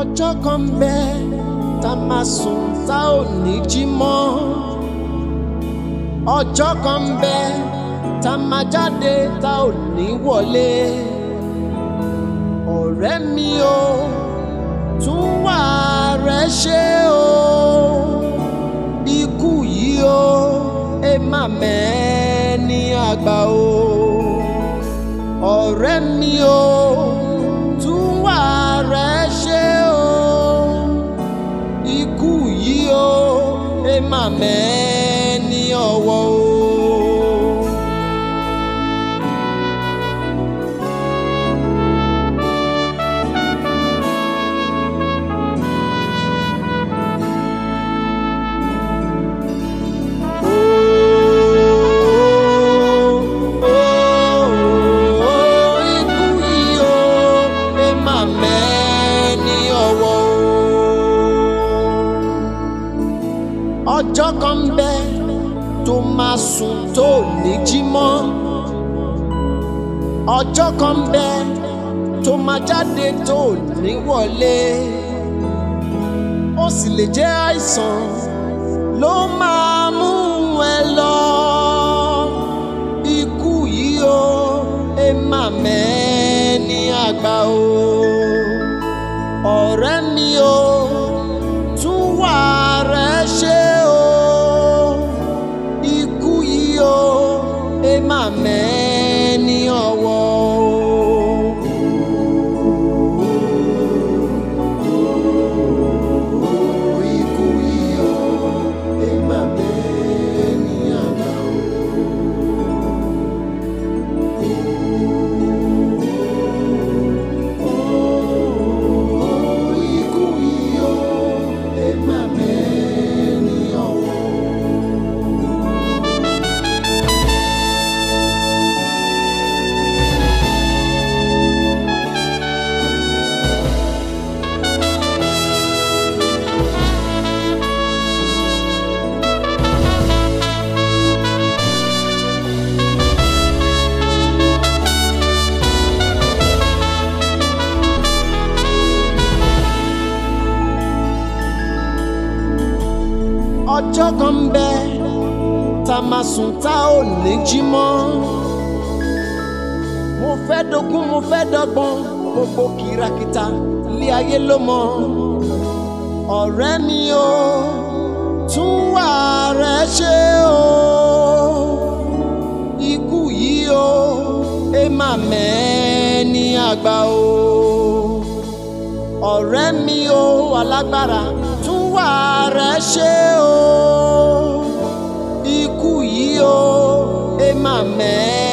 ọjọ́ kan bẹ tá a máa sùn tá ò ní jí mọ́ ọjọ́ kan bẹ tá a jáde tá ò ní wọlé ọ̀rẹ́ mi o tún wà rẹ ṣe o ikú yìí o ẹ má mẹ́ẹ́ ní àgbà o ọ̀rẹ́ mi o. yìí ó ẹ má mẹ́ẹ́ ní ọwọ́ o. ọjọ́ kan ń bẹ tó máa sùn tó ní jí mọ́ ọjọ́ kan ń bẹ tó máa jáde tó ní wọlé ó sì lè jẹ́ àìsàn ló máa mú ẹ lọ ikú yìí o ẹ má mẹ́ẹ́ ní àgbà o ọ̀rẹ́ mi o. Amém. ọjọ́ kan ń bẹ tá a máa sùn tá ò ní jí mọ́. mo fẹ́ dogún mo fẹ́ dọ́gbọ́n gbogbo kìràkìtà ilé ayé ló mọ̀. ọ̀rẹ́ mi o tún wà rẹ ṣe o ikú yìí o ẹ máa mẹ́ni àgbà o ọ̀rẹ́ mi o alágbára tún olúwa rẹ ṣe o ikú yìí o ẹ má mẹ́ẹ́.